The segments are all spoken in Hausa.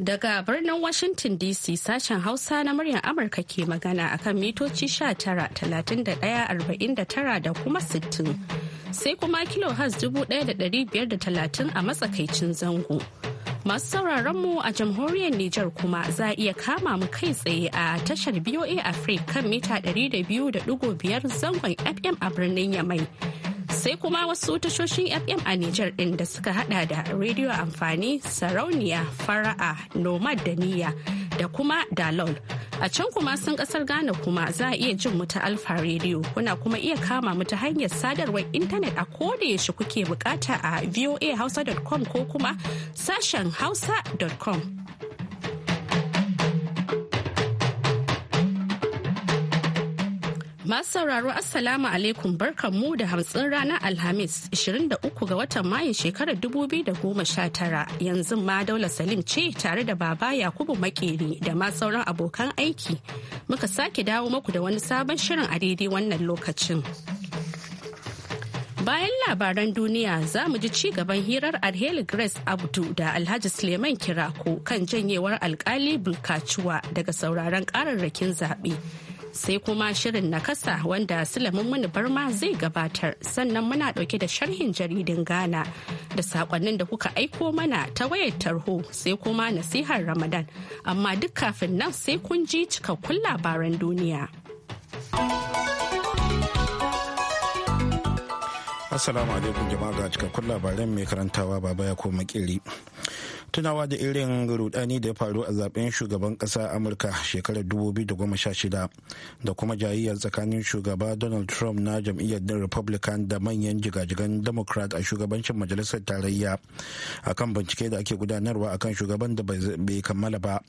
Daga birnin Washington DC sashen Hausa na muryar Amurka ke magana akan mitoci 19,31,49 da kuma 60. Sai kuma kilohaz 1,530 a matsakaicin zango. Masu sauraron mu a jamhuriyar Nijar kuma za a iya kama mu kai tsaye a tashar BOA Africa kan mita 200.5 zangon FM a birnin Yamai. sai kuma wasu tashoshin fm a Nijar ɗin da suka hada da rediyo amfani sarauniya fara'a nomad da niyya da kuma dalol a can kuma sun kasar ghana kuma za a iya jin mu ta alfa rediyo kuna kuma iya kama mu ta hanyar sadarwar intanet a yaushe kuke bukata a voahausa.com ko kuma sashen hausa.com Masu sauraro Assalamu alaikum mu da hamsin ranar Alhamis 23 ga watan Mayu shekarar 2019 yanzu ma Daula Salim ce tare da baba Yakubu Makeri da ma sauran abokan aiki muka sake dawo maku da wani sabon shirin a daidai wannan lokacin. Bayan labaran duniya za mu ji ci gaban hirar Alheri Grace Abdu da Alhaji Suleiman Kirako kan janyewar alkali Bulkacuwa daga sauraron kararrakin zaɓe. sai kuma shirin na kasa wanda mun mini Barma zai gabatar sannan muna dauke da sharhin jaridin Ghana da sakonnin da kuka aiko mana ta wayar tarho sai kuma nasihar Ramadan amma duk kafin nan sai kun ji cikakkun labaran duniya. Assalamu alaikum jama'a ga cikakkun labaran mai karantawa baba ya koma kiri. tunawa da irin rudani da ya faru a zaben shugaban kasa amurka shekarar 2016 da kuma jayayyar tsakanin shugaba donald trump na jam'iyyar republican da manyan jigajigan democrat a shugabancin majalisar tarayya akan bincike da ake gudanarwa akan shugaban da bai kammala ba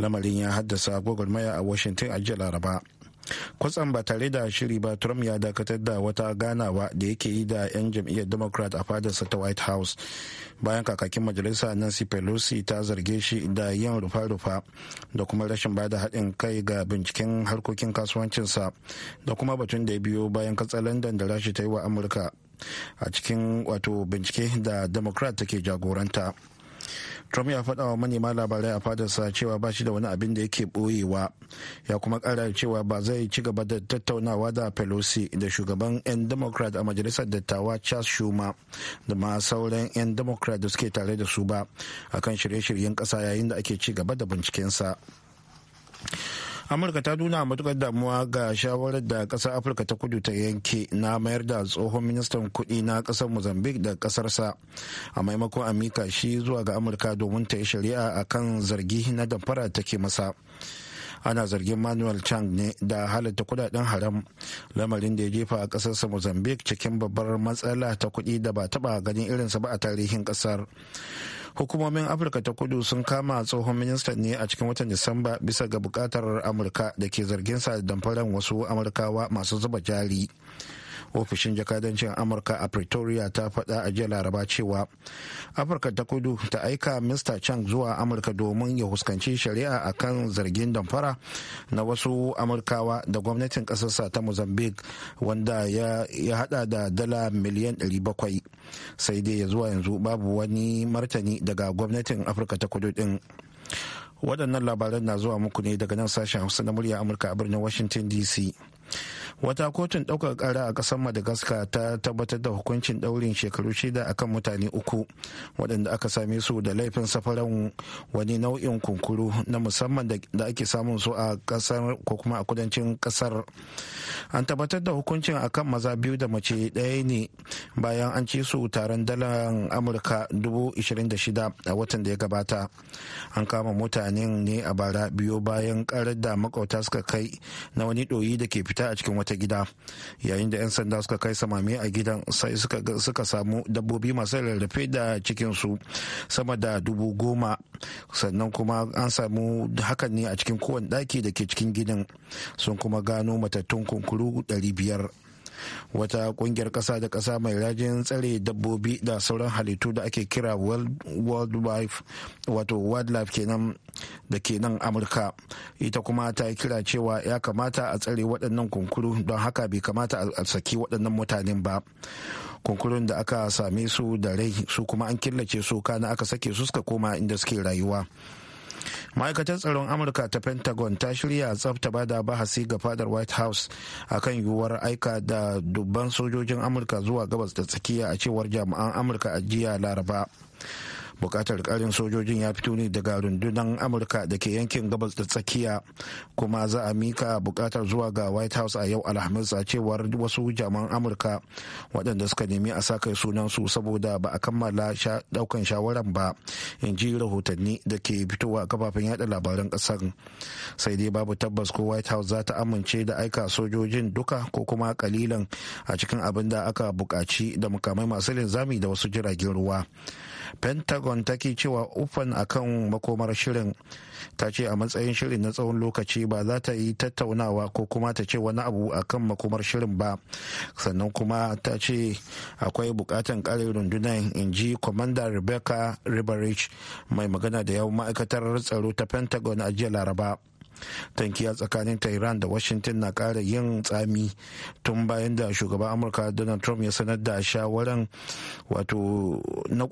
lamarin ya haddasa gwagwarmaya a washington a jiya laraba kwatsam ba tare da shiri ba trump ya dakatar da wata ganawa da yake yi da 'yan jam'iyyar democrat a fadarsa ta white house bayan kakakin majalisa nancy pelosi ta zarge shi da yin rufa-rufa da kuma rashin bada haɗin kai ga binciken harkokin kasuwancinsa da kuma batun da ya biyo bayan katsalandan da rashi ta yi wa amurka a cikin wato bincike da democrat take jagoranta trump ya faɗa wa manema labarai a fadarsa cewa ba shi da wani abin da yake ɓoyewa ya kuma ƙara cewa ba zai ci gaba da tattaunawa da pelosi da shugaban 'yan democrat a majalisar dattawa charles schumer da ma sauran 'yan democrat da suke tare da su ba akan shirye-shiryen ƙasa yayin da ake ci gaba da bincikensa amurka ta nuna matukar damuwa ga shawarar da kasar afirka ta kudu ta yanke na mayar da tsohon ministan kudi na kasar mozambique da kasarsa a maimakon amika shi zuwa ga amurka domin ta yi shari'a a kan zargi na damfara take masa ana zargin manuel chang ne da halatta kudaden haram lamarin da ya jefa a kasarsa mozambique cikin babbar matsala ta kudi da ba taba ganin irinsa ba a tarihin kasar hukumomin afirka ta kudu sun kama tsohon ministan ne a cikin watan disamba bisa ga bukatar amurka da ke zargin sa da damfaran wasu amurkawa masu zuba jari ofishin jakadancin amurka a pretoria ta faɗa a jiya laraba cewa afirka ta kudu ta aika mr chang zuwa amurka domin ya huskanci shari'a a kan zargin damfara na wasu amurkawa da gwamnatin ƙasarsa ta mozambique wanda ya hada da dala miliyan 700 sai dai ya zuwa yanzu babu wani martani daga gwamnatin afirka ta kudu din waɗannan labaran na zuwa muku ne daga nan sashen hausa na murya amurka a birnin washington dc wata kotun ɗaukar ƙara a ƙasar madagascar ta tabbatar da hukuncin ɗaurin shekaru shida akan mutane uku waɗanda aka same su da laifin safaran wani nau'in kunkuru na musamman da ake samun su a ƙasar ko kuma a kudancin ƙasar an tabbatar da hukuncin akan maza biyu da mace ɗaya ne bayan an ci su taron dalar amurka 26 a watan da ya gabata an kama mutanen ne a bara biyu bayan ƙarar da makauta suka kai na wani ɗoyi da ke fita a cikin wata gida yayin da 'yan sanda suka kai samami a gidan sai suka samu dabbobi masu rarrafe da cikinsu sama da dubu goma sannan kuma an samu hakan ne a cikin kowane ɗaki da ke cikin gidan sun kuma gano matattun kunkuru 500 wata kungiyar kasa da kasa mai rajin tsare dabbobi da sauran halittu da ake kira wato wildlife kenan da ke nan amurka ita kuma ta kira cewa ya kamata a tsare waɗannan kunkuru don haka bai kamata a saki waɗannan mutanen ba kunkurun da aka same su da rai su kuma an killace su kana aka sake su suka koma inda suke rayuwa ma'aikatar tsaron amurka ta pentagon ta shirya tsafta bada bahasi ga fadar white house akan yiwuwar aika da dubban sojojin amurka zuwa gabas da tsakiya a cewar jami'an amurka a jiya laraba bukatar karin sojojin ya fito ne daga rundunar amurka da ke yankin gabas da tsakiya kuma za a mika bukatar zuwa ga white house a yau alhamis a cewar wasu jaman amurka waɗanda suka nemi a sa kai sunansu saboda ba a kammala daukan shawaran ba in ji rahotanni da ke fitowa a kafafen yada labaran ƙasar sai dai babu tabbas ko white house za ta amince da aika sojojin duka ko kuma kalilan a cikin abin da aka bukaci da mukamai masu linzami da wasu jiragen ruwa pentagon ta ke cewa ufan akan makomar shirin ta ce a matsayin shirin na tsawon lokaci ba za ta yi tattaunawa ko kuma ta ce wani abu akan makomar shirin ba sannan kuma ta ce akwai bukatan karin rundunar in ji commander rebecca riverich mai magana da yawon ma'aikatar tsaro ta pentagon a jiya laraba tankiya tsakanin tehran da washington na ƙara yin tsami tun bayan da shugaban amurka donald trump ya sanar da shawaran wato na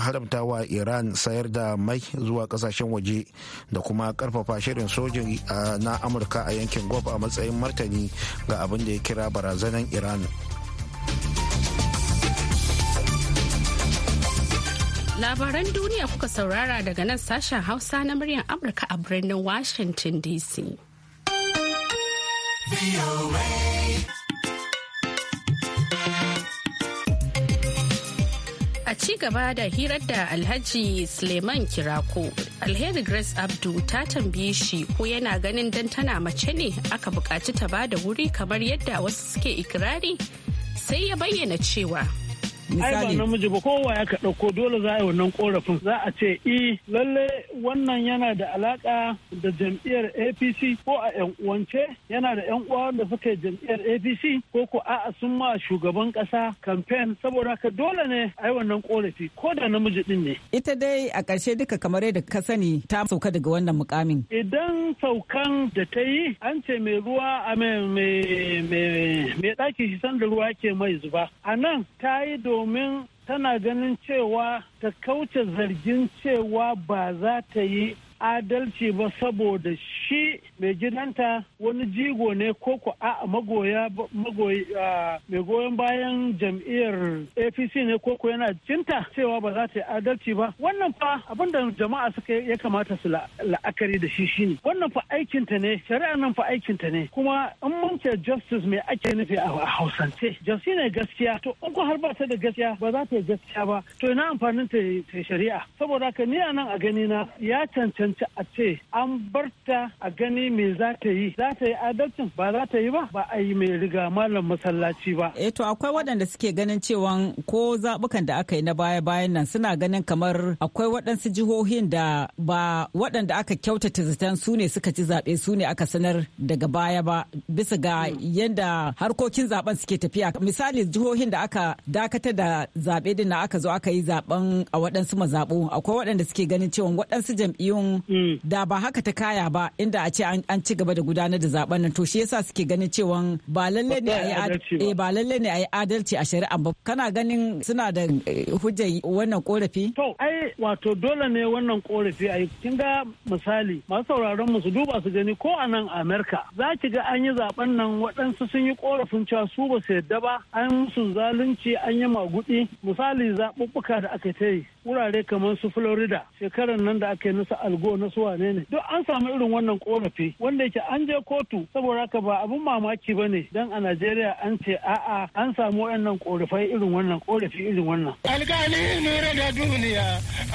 haramta wa iran sayar da mai zuwa kasashen waje da kuma karfafa shirin sojin na amurka a yankin gulf a matsayin martani ga abin da ya kira barazanar iran Labaran duniya kuka saurara daga nan sashen Hausa na muryar Amurka a birnin Washington DC. A ci gaba da hirar da Alhaji Suleiman Kirako, Alheri Grace Abdu ta tambaye shi ko yana ganin dan tana mace ne aka bukaci ta ba da wuri kamar yadda wasu suke ikirari sai ya bayyana cewa. misali ai ba namiji ba kowa ya ka dauko dole za a yi wannan korafin za a ce i e, lalle wannan yana da alaka da jam'iyyar APC ko a yan uwance yana da yan uwa da suka yi jam'iyyar APC ko ko a'a sun ma shugaban kasa campaign saboda ka dole ne ai wannan korafi ko da namiji din ne ita dai a ƙarshe duka kamar yadda ka sani ta sauka daga wannan mukamin idan saukan da ta yi an ce mai ruwa a mai ɗaki shi sanda ruwa ke mai zuba a nan ta yi do domin tana ganin cewa ta kauce zargin cewa ba za ta yi adalci ba saboda shi mai gidanta wani jigo ne ko a magoya mai goyon bayan jam'iyyar apc ne ko yana cinta cewa ba za ta yi adalci ba wannan fa abinda jama'a suka ya kamata su la'akari da shi shine wannan fa aikinta ne shari'a nan fa aikinta ne kuma in mun ce justice mai ake nufi a hausance jasi ne gaskiya to in ko har ba ta da gaskiya ba za ta yi gaskiya ba to ina amfanin ta shari'a saboda ka ni a nan a gani na ya cancanci cancanci a ce an bar ta a gani me za ta yi za ta yi adalcin ba za ta yi ba ba a yi mai riga malam masallaci ba eh to akwai waɗanda suke ganin cewa ko zaɓukan da aka yi na baya bayan nan suna ganin kamar akwai waɗansu jihohin da ba waɗanda aka kyautata zaton su ne suka ci zaɓe su ne aka sanar daga baya ba bisa ga yadda harkokin zaben suke tafiya misali jihohin da aka dakatar da zaɓe din na aka zo aka yi zaɓen a waɗansu mazaɓu akwai waɗanda suke ganin cewa waɗansu jam'iyyun Mm. da ba haka ta kaya ba inda a ce an ci gaba da gudanar da zaben nan to shi yasa suke ganin cewa ba lalle ne ayi ba eh, lalle ne ayi adalci a shari'a ba kana ganin suna da eh, hujjar wannan korafi to ai wato dole ne wannan korafi ayi kin ga misali masu sauraron mu su duba su gani ko a nan Amerika za ki ga an yi zaben nan waɗansu sun yi korafin cewa su ba su yadda ba an musu zalunci an yi magudi misali zaɓuɓɓuka da aka ta yi wurare kamar su Florida shekarar nan da aka yi nasa algo go na su wane ne duk an samu irin wannan korafi wanda yake an je kotu saboda haka ba abun mamaki ba ne dan a najeriya an ce a'a an samu wannan korafai irin wannan korafi irin wannan alkali nura da duniya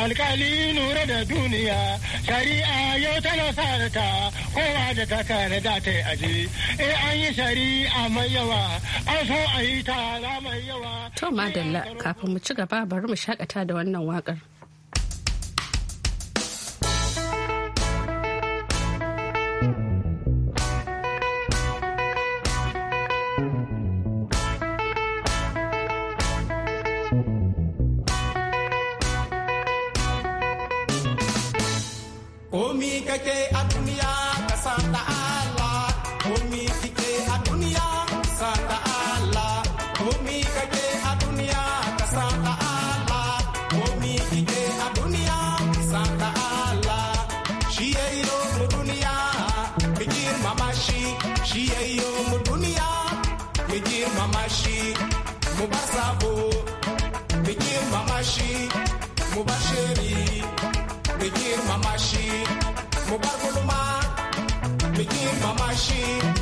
alkali nura da duniya shari'a yau tana sa ta kowa da ta kare da ta yi aji eh an yi shari'a mai yawa an so a yi tara mai yawa to madalla kafin mu ci gaba bari mu shakata da wannan wakar mu bar shiri mu girmama shi mu bar gulma mu girmama shi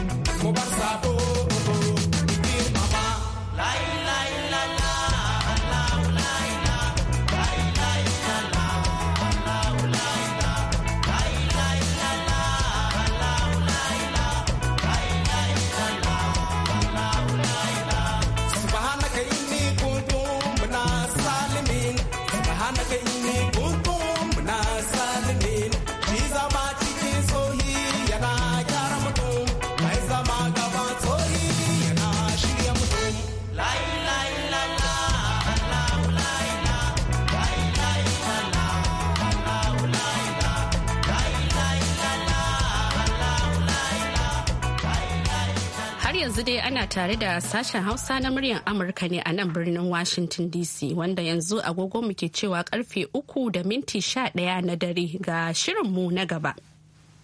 ana tare da sashen Hausa na muryar Amurka ne a nan birnin Washington DC wanda yanzu agogo muke cewa karfe uku da minti sha ɗaya na dare ga shirinmu na gaba.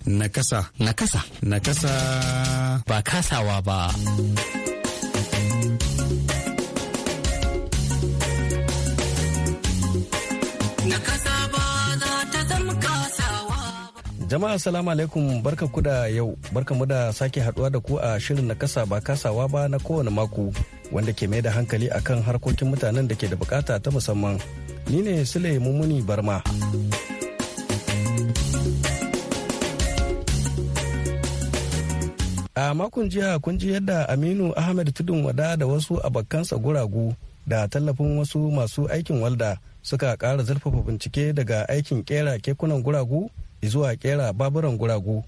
Nakasa. Nakasa. Nakasa. Ba kasawa ba. Jama'a salamu alaikum barka ku da yau barka mu da sake haduwa da ku a shirin na kasa ba kasawa ba na kowane mako wanda ke mai da hankali akan harkokin mutanen da ke da bukata ta musamman. Ni ne Sule mummuni Barma. A makon jiya kun ji yadda Aminu Ahmed Tudun Wada da wasu abokansa guragu da tallafin wasu masu aikin walda suka kara zurfafa bincike daga aikin kera kekunan guragu zuwa kera baburan guragu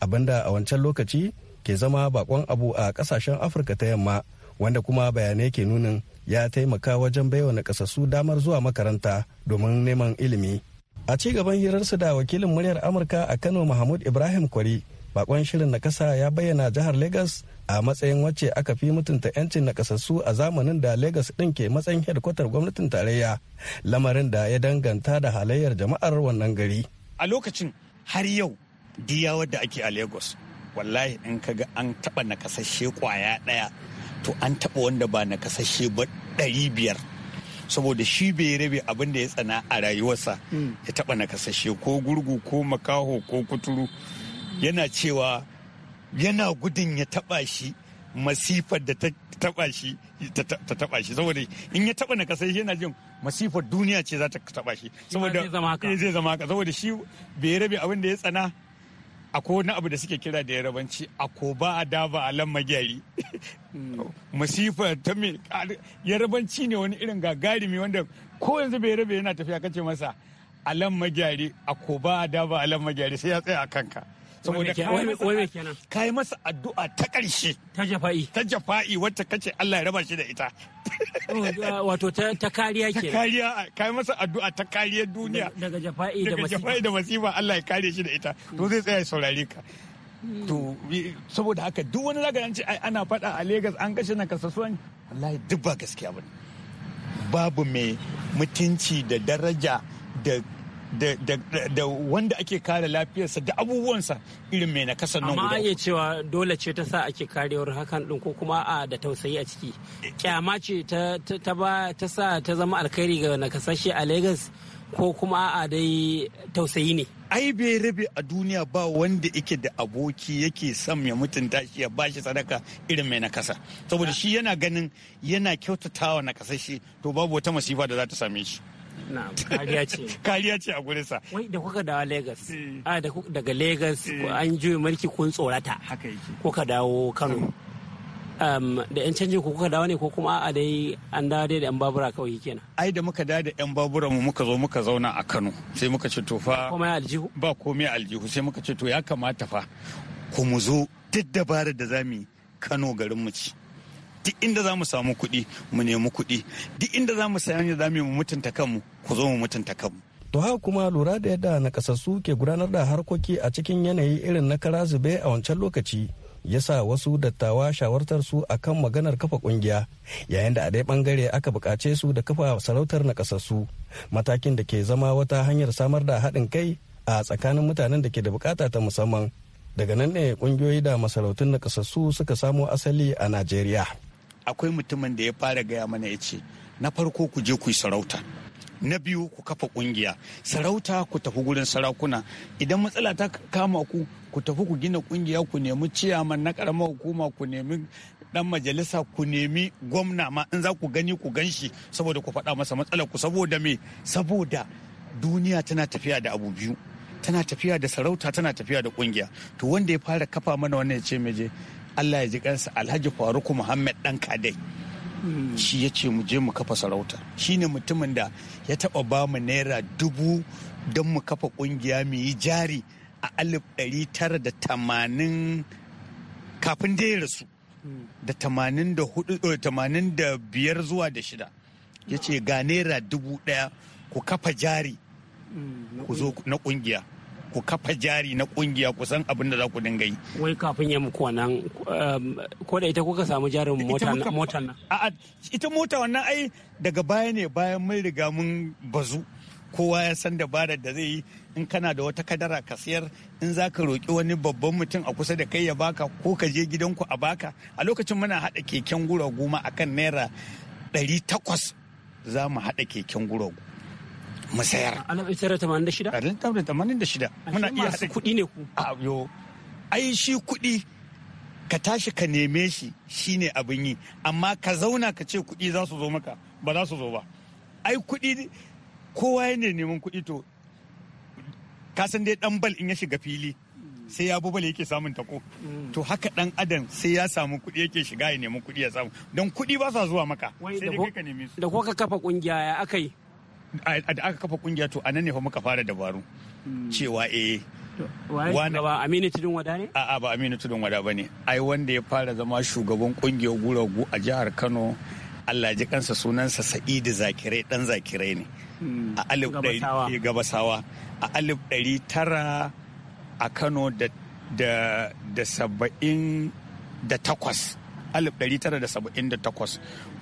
abinda a wancan lokaci ke zama bakon abu a kasashen afirka ta yamma wanda kuma bayanai ke nunin ya taimaka wajen baiwa nakasassu damar zuwa makaranta domin neman ilimi a ci gaban hirarsu da wakilin muryar amurka a kano mahmud ibrahim kwari bakon shirin nakasa ya bayyana jihar lagos a matsayin wacce aka fi mutunta 'yancin nakasassu a zamanin da lagos din ke matsayin hedkwatar gwamnatin tarayya lamarin da ya danganta da halayyar jama'ar wannan gari a lokacin har yau diya wadda ake a lagos wallahi in kaga ga an taɓa nakasashe kwaya ɗaya to an taba wanda ba nakasashe ba ɗari biyar saboda shi bai rabe abin da ya tsana a rayuwarsa mm. ya taɓa nakasashe ko gurgu ko makaho ko kuturu yana cewa yana gudun ya taɓa shi masifar da ta taba shi ta taɓa shi saboda in ya taɓa nakasashe yana jin masifar duniya ce za ta taba shi saboda eh, zai zama haka saboda shi bai rabe abin da ya tsana akwai na abu da suke kira da yarabanci ako a da ba a lamma gyari hmm. masifa ta me yarabanci ne wani irin gagarumi wanda ko yanzu bai rabe yana tafiya kace masa a lamma gyari ako ba a da a lamma gyari sai ya tsaya a kanka saboda ka yi masa addu'a ta ƙarshe ta jafa'i ta jafa'i wacce kace Allah ya raba shi da ita oh, uh, wato ta kariya ke ta kariya ka yi masa addu'a ta kariya duniya daga jafa'i da masifa daga jafa'i da masifa Allah ya kare shi da ita to zai tsaya saurare ka hmm. to saboda haka duk wani lagaranci ce ai ana faɗa a Legas an kashe na kasasuwan wallahi duk ba gaskiya bane babu mai mutunci da daraja da da wanda ake kare lafiyarsa da abubuwansa irin mai nakasa nan guda. Amma iya cewa dole ce ta sa ake karewar hakan din ko kuma a da tausayi a ciki. Kyama ce ta ba ta sa ta zama alkhairi ga nakasashe a Legas ko kuma a dai tausayi ne. ai bai rabe a duniya ba wanda yake da aboki yake son ya mutunta shi ya bashi sadaka irin mai nakasa saboda shi yana ganin yana kyautatawa nakasashe to babu wata masifa da za ta same shi kariya ce a gurin sa wai da kuka dawo Lagos eh. ah, a daga Lagos eh. an juye mulki kun tsorata kuka dawo Kano da 'yan canjin kuka dawo ne ko kuma a dai an dawo dai da 'yan babura kawai kenan ai da muka dawo da 'yan babura mu muka zo muka zauna a kano sai muka ce to fa ba komai aljihu sai muka ce to ya kamata fa ku mu zo duk dabarar da za mu yi kano garin mu ci duk inda za mu samu kuɗi mu nemi kuɗi duk inda za mu sayan zamu mu mutunta kanmu ku zo mu mutunta kanmu to haka kuma lura da yadda nakasassu ke gudanar da harkoki a cikin yanayi irin na kara zube a wancan lokaci ya sa wasu dattawa shawartar su akan maganar kafa ƙungiya yayin da a ɗaya bangare aka buƙace su da kafa sarautar nakasassu matakin da ke zama wata hanyar samar da haɗin kai a tsakanin mutanen da ke da bukata ta musamman daga nan ne kungiyoyi da masarautun nakasassu suka samo asali a najeriya akwai mutumin da ya fara gaya mana ya ce na farko ku je ku yi sarauta na biyu ku kafa kungiya sarauta ku tafi gurin sarakuna idan matsala ta kama ku ku tafi ku gina kungiya ku nemi ciyama na karamar hukuma ku nemi dan majalisa ku nemi gwamna ma in za ku gani ku ganshi saboda ku faɗa masa matsalar ku saboda me saboda duniya tana tafiya da abu biyu tana tafiya da sarauta tana tafiya da kungiya to wanda ya fara kafa mana wannan ya ce meje Allah ya ji kansa Alhaji Faruku Muhammad dan Kadai shi ya ce mu je mu kafa sarauta Shi ne mutumin da ya taɓa ba mu naira dubu don mu kafa kungiya mu yi jari a alif ɗari tara da tamanin kafin da ya rasu da tamanin da hudu eh, tamanin da biyar zuwa da shida ya ce ga naira dubu ɗaya ku kafa jari mm, ku zo na kungiya ku kafa jari na kungiya ku abin da za ku dinga yi wai kafin ya muku wannan um, ko da ita kuka samu jarin mota na a'a ita mota wannan ai daga baya ne bayan mun riga mun bazu kowa ya san dabarar da zai yi in kana da wata kadara ka sayar in za ka roƙi wani babban mutum a kusa da kai ya baka ko ka je gidanku a baka a lokacin muna haɗa keken gura goma akan naira ɗari takwas za mu haɗa keken guragu mu sayar. A 1986? A 1986. Muna iya haɗa kuɗi ne ku. A yo. Ai shi kuɗi ka tashi ka neme shi shine abin yi amma ka zauna ka ce kuɗi za su zo maka ba za su zo ba. Ai kuɗi kowa ya ne neman kuɗi to ka san dai ɗan bal in ya shiga fili sai ya bubale yake samun tako mm. to haka dan adam sai ya samu kuɗi yake shiga ya nemi kuɗi ya samu don kuɗi ba sa zuwa maka sai dai ka nemi su da ko ka kafa kungiya ya akai da aka kafa kungiya to anan ne fa muka fara dabaru hmm. cewa eh wani ba aminu tudun wada ne a'a ba aminu tudun wada ba ne ai wanda ya fara zama shugaban kungiyar guragu a jihar kano allah ji kansa sunansa sa'idu zakirai dan zakirai ne hmm. a alif ɗari eh, gabasawa a alif ɗari tara a kano da da saba'in da takwas alif ɗari tara da saba'in da takwas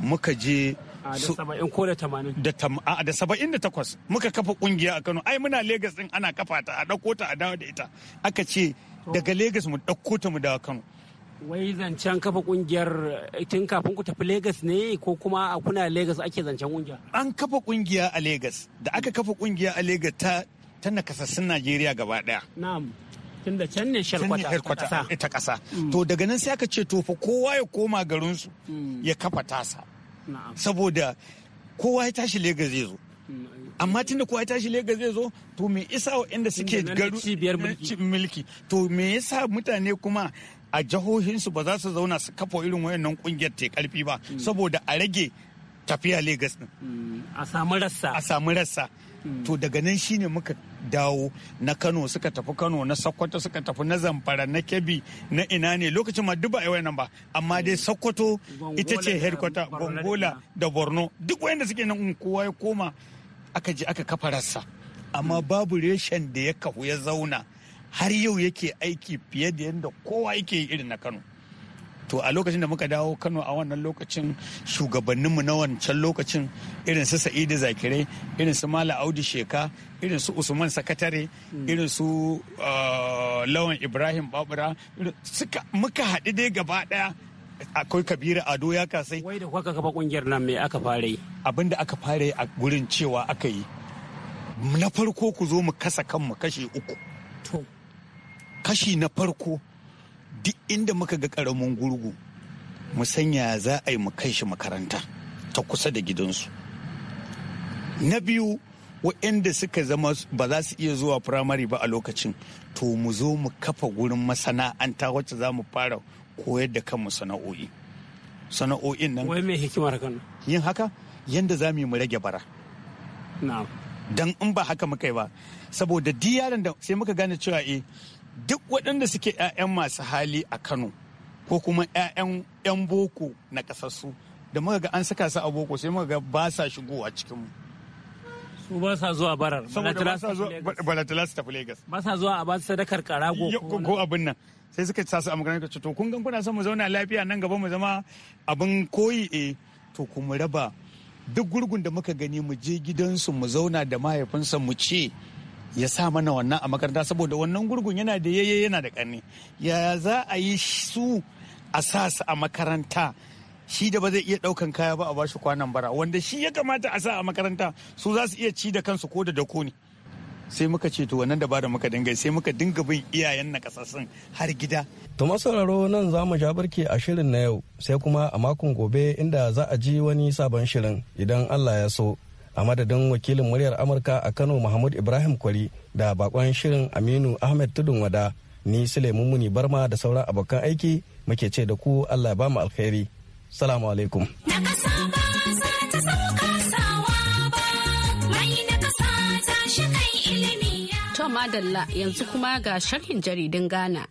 muka je da saba'in da takwas muka kafa kungiya a kano ai muna legas din ana kafa ta a ɗauko ta a dawo da ita aka ce daga legas mu ɗauko ta mu dawo kano wai zancen kafa kungiyar eh, tun kafin ku tafi Legas ne ko kuma a kuna Legas ake zancen kungiya? An kafa kungiya a Legas da aka kafa kungiya a Legas ta ta nakasassun Najeriya gaba daya. Na'am. Tun da can ne shalkwata ta kasa. Mm. To daga nan sai aka ce to fa kowa ya koma garinsu mm. ya kafa tasa. saboda kowa ya tashi Legas zai zo amma tunda kowa ya tashi Legas zai zo to me isa inda suke garu mulki to me yasa mutane kuma a jihohinsu ba za su zauna su kafa irin wayannan kungiyar te karfi ba mm. saboda a rage tafiya Legas din a mm, a samu rassa to daga nan shine muka dawo na kano suka tafi kano na sokoto suka tafi na zamfara na kebbi na ina ne lokacin ma duba a nan ba amma dai sokoto ita ce herkwata gongola da borno duk wayanda suke nan kowa ya koma aka je aka kafa rasa amma babu reshen da ya kahu ya zauna har yau yake aiki fiye da yadda kowa yake irin na kano to a lokacin da muka dawo kano a wannan lokacin shugabanninmu na wancan lokacin irin su sa'idu zakirai irin su mala audu sheka irin su usman sakatare hmm. irin su ah, lawan ibrahim babura muka haɗu dai gaba ɗaya akwai kabiru ado ya kasai wai da kuka kafa kungiyar nan me aka fara yi abin da aka fara a gurin cewa aka yi na farko ku zo mu kasa kanmu kashi uku kashi na farko duk inda muka ga karamin gurgu mu sanya za a yi mu kai shi makaranta ta kusa da gidansu na biyu waɗanda suka zama ba za su iya zuwa firamare ba a lokacin to mu zo mu kafa gurin masana'anta wacce za mu fara koyar da kanmu sana'o'i sana'o'in nan wai mai hikimar kano yin haka yanda za mu yi mu rage bara don in ba haka muka yi ba saboda di yaran da sai muka gane cewa eh duk waɗanda suke 'ya'yan masu hali a kano ko kuma 'ya'yan 'yan boko na ƙasassu da muka ga an saka su a boko sai muka ga ba sa shigowa cikinmu su ba sa zuwa barar balatala su tafi lagos ba sa zuwa a ba sadakar kara ko abin nan sai suka sa su a magana ka to kun kuna son mu zauna lafiya nan gaba mu zama abin koyi eh to kuma raba duk gurgun da muka gani mu je gidansu mu zauna da mahaifinsa mu ce ya sa mana wannan a makaranta saboda wannan gurgun yana da yaye yana da kanne ya za a yi su a sa su a makaranta shi da ba zai iya ɗaukan kaya ba a bashi kwanan bara wanda shi ya kamata a sa a makaranta su za su iya ci da kansu ko da dako ne sai muka ce to wannan da muka dinga sai muka dinga bin iyayen na kasassun har gida. To masararo nan za mu ja barke a shirin na yau sai kuma a makon gobe inda za a ji wani sabon shirin idan Allah ya so. a madadin wakilin muryar amurka a kano mahmud ibrahim kwari da bakon shirin aminu ahmed tudun wada ni suleiman muni barma da sauran abokan aiki muke ce da ku allah ba mu alkhairi salamu alaikum to madalla yanzu kuma ga sharhin jaridin ghana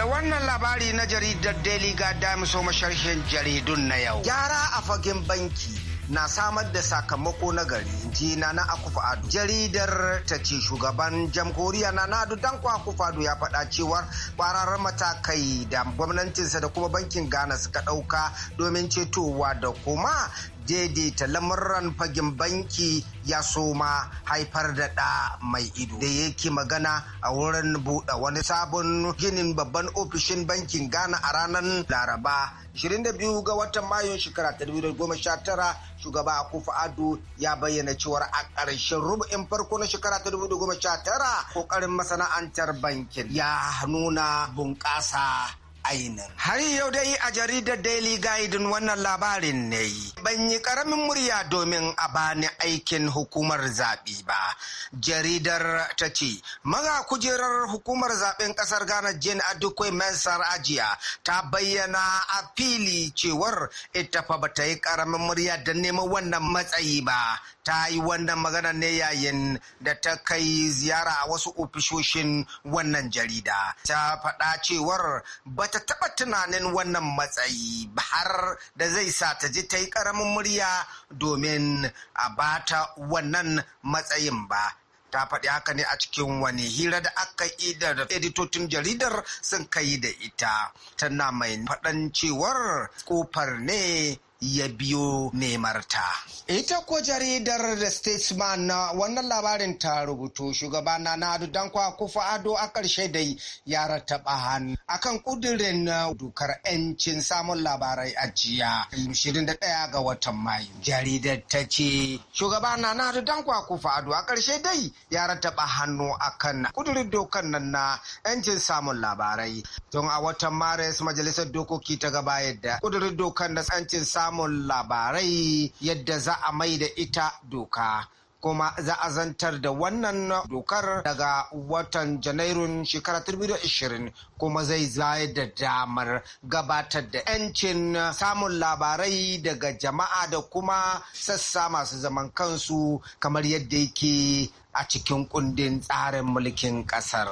Da wannan labari na jaridar Daily dami so masharshen jaridun na yau. Gyara a fagen banki na samar da sakamako na gari ji na na akufado jaridar ta ce shugaban jamhuriya na nadu Akufa akufado ya faɗa cewar kwararren matakai da gwamnatinsa da kuma bankin ghana suka ɗauka domin cetowa da kuma daidaita lamuran fagin banki ya soma haifar da ɗa mai ido da yake magana a wurin buɗe wani sabon ginin babban ofishin bankin ghana a ranar laraba 22 ga watan mayun shekara 2019 shugaba akufa ado ya bayyana cewar a ƙarshen rubu'in farko na shekara 2019 kokarin masana'antar bankin ya nuna bunƙasa ainihin. Har yau dai a jaridar Daily Guidin wannan labarin ne yi. Ban yi karamin murya domin a bani aikin hukumar zaɓe ba. Jaridar ta ce, maga kujerar hukumar zaɓen ƙasar Ghana Jane Adukwai Mensar Ajiya ta bayyana a fili cewar ita fa ba ta yi karamin murya da neman wannan matsayi ba. ta yi wannan magana ne yayin da ta kai ziyara a wasu ofishoshin wannan jarida ta faɗa cewar ba ta taɓa tunanin wannan matsayi ba har da zai sa ta ji ta yi ƙaramin murya domin a bata wannan matsayin ba ta faɗi haka ne a cikin wani hira da aka yi da editocin jaridar sun kai da ita tana mai faɗan cewar kofar ne ya biyo nemarta. Ita ko jaridar The Statesman na wannan labarin ta rubutu shugaba na Ado Dankwa Kufa Ado a ƙarshe dai ya rattaba hannu akan kudirin uh, dokar 'yancin samun labarai a jiya 21 ga watan Mayu. Jaridar ta ce shugaba na Ado Dankwa Kufa Ado a ƙarshe dai ya rattaba hannu akan Kudurin dokar nan na 'yancin samun labarai. Tun a watan Maris majalisar dokoki ta gaba yadda kudurin dokar na 'yancin samun samun labarai yadda za a mai da ita doka. kuma za a zantar da wannan dokar daga watan janairun shekara 2020 kuma zai zaya da damar gabatar da 'yancin samun labarai daga jama'a da kuma sassa masu zaman kansu kamar yadda yake a cikin kundin tsarin mulkin kasar.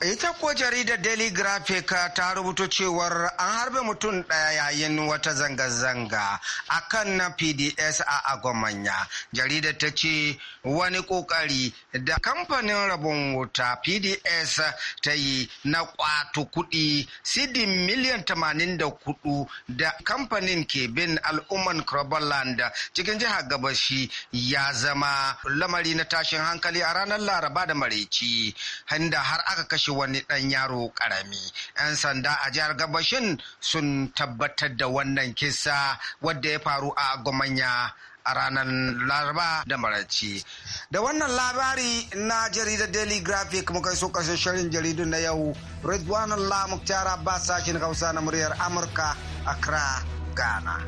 ita ko jaridar daily graphic ta rubuta cewar an harbe mutum daya yayin wata zanga-zanga a kan na pds a agomanya jaridar ta ce wani kokari da kamfanin rabon wuta pds ta yi na kwato kudi sidin miliyan 84 da kamfanin ke bin al'umman croberland cikin jihar gabashi ya zama lamari na tashin hankali a ranar laraba da maraici inda har aka kashe wani ɗan yaro ƙarami. 'Yan sanda a jihar Gabashin sun tabbatar da wannan kisa wadda ya faru a Gomanya a ranar laraba da maraci da wannan labari na jaridar daily graphic muka so kashe shirin jaridun na yau Redwan allah muktar abbas sashen hausa na muryar amurka accra ghana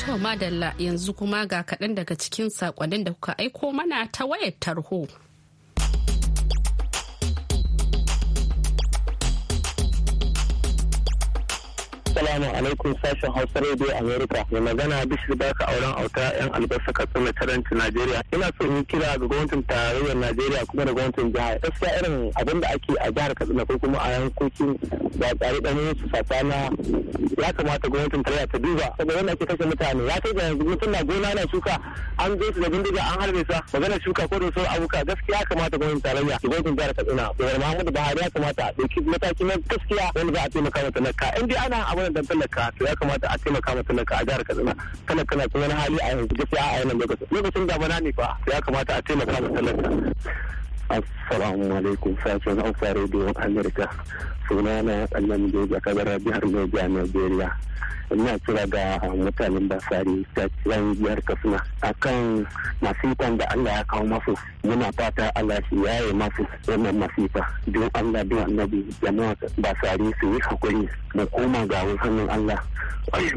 to madalla yanzu kuma ga kaɗan daga cikin saƙonin da kuka aiko mana ta wayar tarho Assalamu alaikum sashen Hausa Radio America. Mai magana Bishir Baka auren auta yan albasa Katsina Taranci Najeriya. Ina so in kira ga gwamnatin tarayyar Najeriya kuma da gwamnatin jihar. Gaskiya irin abin da ake a jihar Katsina ko kuma a yankokin da tsari da dan su satana ya kamata gwamnatin tarayya ta duba saboda wanda ake kashe mutane ya kai ga yanzu mutum na gona na shuka an zo su da bindiga an harbe sa magana shuka ko da sauran abuka gaskiya ya kamata gwamnatin tarayya da gwamnatin jihar Katsina. Gwamnatin Muhammadu Buhari ya kamata a ɗauki mataki na gaskiya wanda za a taimaka mata na ka. In dai ana abin kan talaka to ya kamata a taimaka ma talaka a jihar Kaduna talaka na cikin hali a yanzu gaskiya a yanar lokacin lokacin damana ne fa ya kamata a taimaka ma talaka Assalamu alaikum sashen Hausa Radio Amerika sunana Annabi Joja Kabara jihar Niger Nigeria ina kira ga mutanen basari da kiran biyar kasuna akan masifan da allah ya kawo masu muna fata allah shi yaye masu wannan masifa don allah don annabi jama'a basari su yi hakuri mu koma ga hannun allah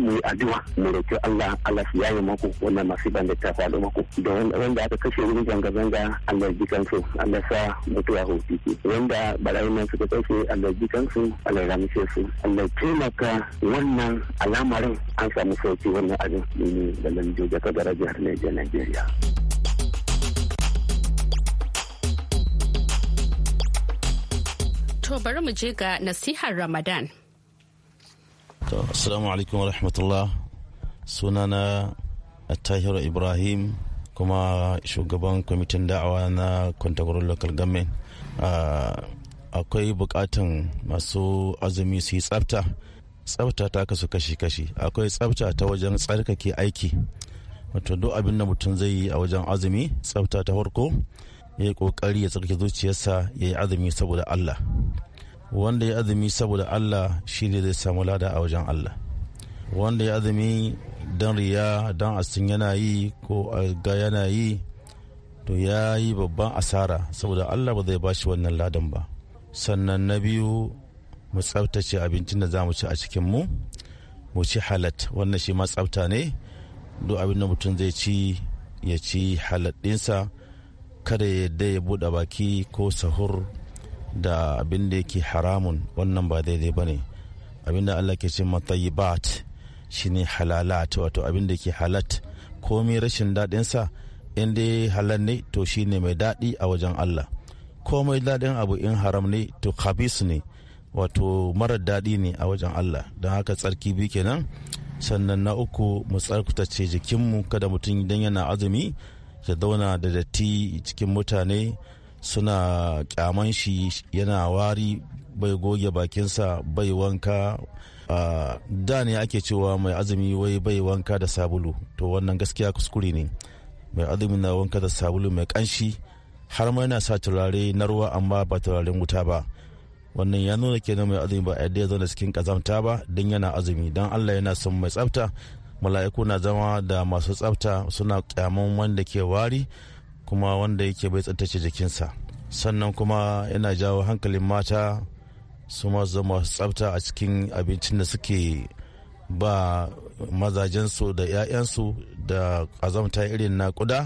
mu yi addu'a mu roki allah allah shi yaye maku wannan masifan da ta faɗo maku da wanda aka kashe wani zanga-zanga allah ji kansu allah sa mutuwa hutu wanda barayin nan suka kashe allah ji kansu allah ya ramishe su allah taimaka wannan alama al'amarin an samu sauki wannan abin ne da ta gara jihar Nigeria. To bari mu je ga nasihar Ramadan. To, Assalamu alaikum wa rahmatullah. Sunana Attahiru Ibrahim kuma shugaban kwamitin da'awa na Kwantagwaron Local Government. Ah, akwai bukatan masu azumi su yi tsafta tsafta ta kasu kashi-kashi akwai tsafta ta wajen tsarkake aiki wato duk abin da mutum zai yi a wajen azumi tsafta ta farko ya yi kokari ya tsarki zuciyarsa ya yi azumi saboda Allah wanda ya azumi saboda Allah shi ne zai samu lada a wajen Allah wanda ya azumi don riya don asin yana yi ko a ga yana yi to ya yi babban asara saboda Allah ba zai bashi wannan ladan ba sannan na biyu mu tsaftace abincin da za mu ci a cikin mu mu ci halat wannan shi ma tsabta ne duk abin da mutum zai ci ya ci halat ɗinsa kada ya yadda ya buɗe baki ko sahur da abin da yake haramun wannan ba daidai ba ne abin da allah ke ce matayibat shine halalat wato abin da ke halat komi rashin daɗinsa in dai halal ne to shine mai daɗi a wajen Allah komai daɗin abu in haram ne to khabis ne wato marar daɗi ne a wajen Allah don haka tsarki biyu kenan sannan na uku mu tsarkutace jikinmu kada mutum idan yana azumi ya zauna da datti cikin mutane suna kyaman shi yana wari bai goge bakinsa bai wanka da ne ake cewa mai azumi wai bai wanka da sabulu to wannan gaskiya kuskure ne mai azumi na wanka da sabulu mai kanshi har ma yana sa turare na ruwa amma ba turaren wuta ba wannan ya nuna kenan mai azumi ba a yadda ya zauna cikin kazamta ba don yana azumi don allah yana son mai tsafta mala'iku na zama da masu tsafta suna kyaman wanda ke wari kuma wanda yake bai tsaftace jikinsa sannan kuma yana jawo hankalin mata su ma zama tsafta a cikin abincin da suke ba mazajensu da 'ya'yansu da azamta irin na kuda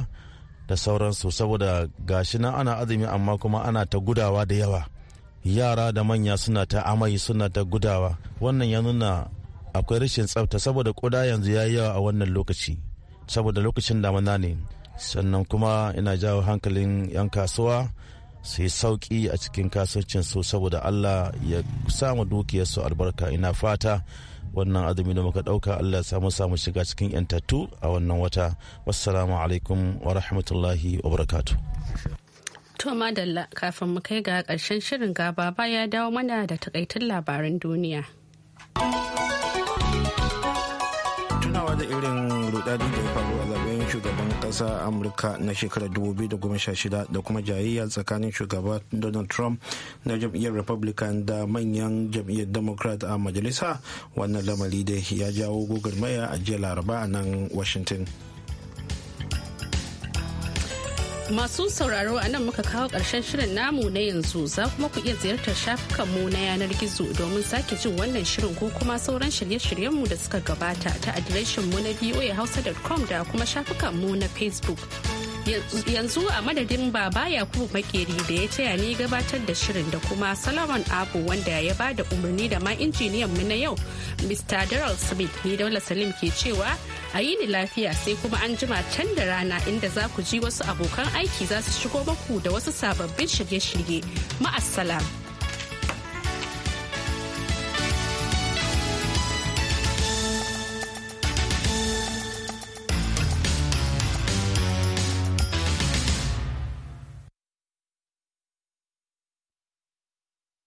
da sauransu saboda gashi nan ana azumi amma kuma ana ta gudawa da yawa yara da manya suna ta amai suna ta gudawa wannan ya nuna akwai rashin tsafta saboda koda yanzu ya yi yawa a wannan lokaci saboda lokacin damana ne sannan kuma ina jawo hankalin 'yan kasuwa su yi sauki a cikin kasuwancin su saboda allah ya samu dukiyarsu albarka ina fata wannan azumi da muka dauka allah ya samu samu shiga cikin 'yantattu a wannan wata wassalamu alaikum wa rahmatullahi wa barakatuh To madalla kafin mu kai ga karshen shirin gaba ya dawo mana da takaitun labaran duniya. Tunawa da irin rudadi da ya faru a zaben shugaban ƙasa Amurka na shekarar 2016 da kuma jayayya tsakanin shugaba Donald Trump na jam'iyyar Republican da manyan jam'iyyar Democrat a majalisa wannan lamari da ya jawo gugurmaya a jiya laraba a nan Washington. Masu sauraro a nan muka kawo ƙarshen shirin namu na yanzu za kuma ku iya ziyartar shafukanmu na yanar gizo domin sake jin wannan shirin ko kuma sauran shirye-shiryenmu da suka gabata ta adireshinmu na voahausa.com da kuma shafukanmu na Facebook. yanzu a madadin baba yakubu makeri da ya taya ni gabatar da shirin da kuma solomon abu wanda ya ba da umarni da ma injiniyan mu na yau mr daryl smith ni daula salim ke cewa a yi ni lafiya sai kuma an jima can da rana inda za ku ji wasu abokan aiki za su shigo maku da wasu sababbin shirye-shirye ma'assalam.